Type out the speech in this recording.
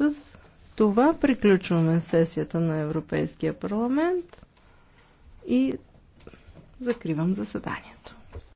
С това приключваме сесията на Европейския парламент и закривам заседанието.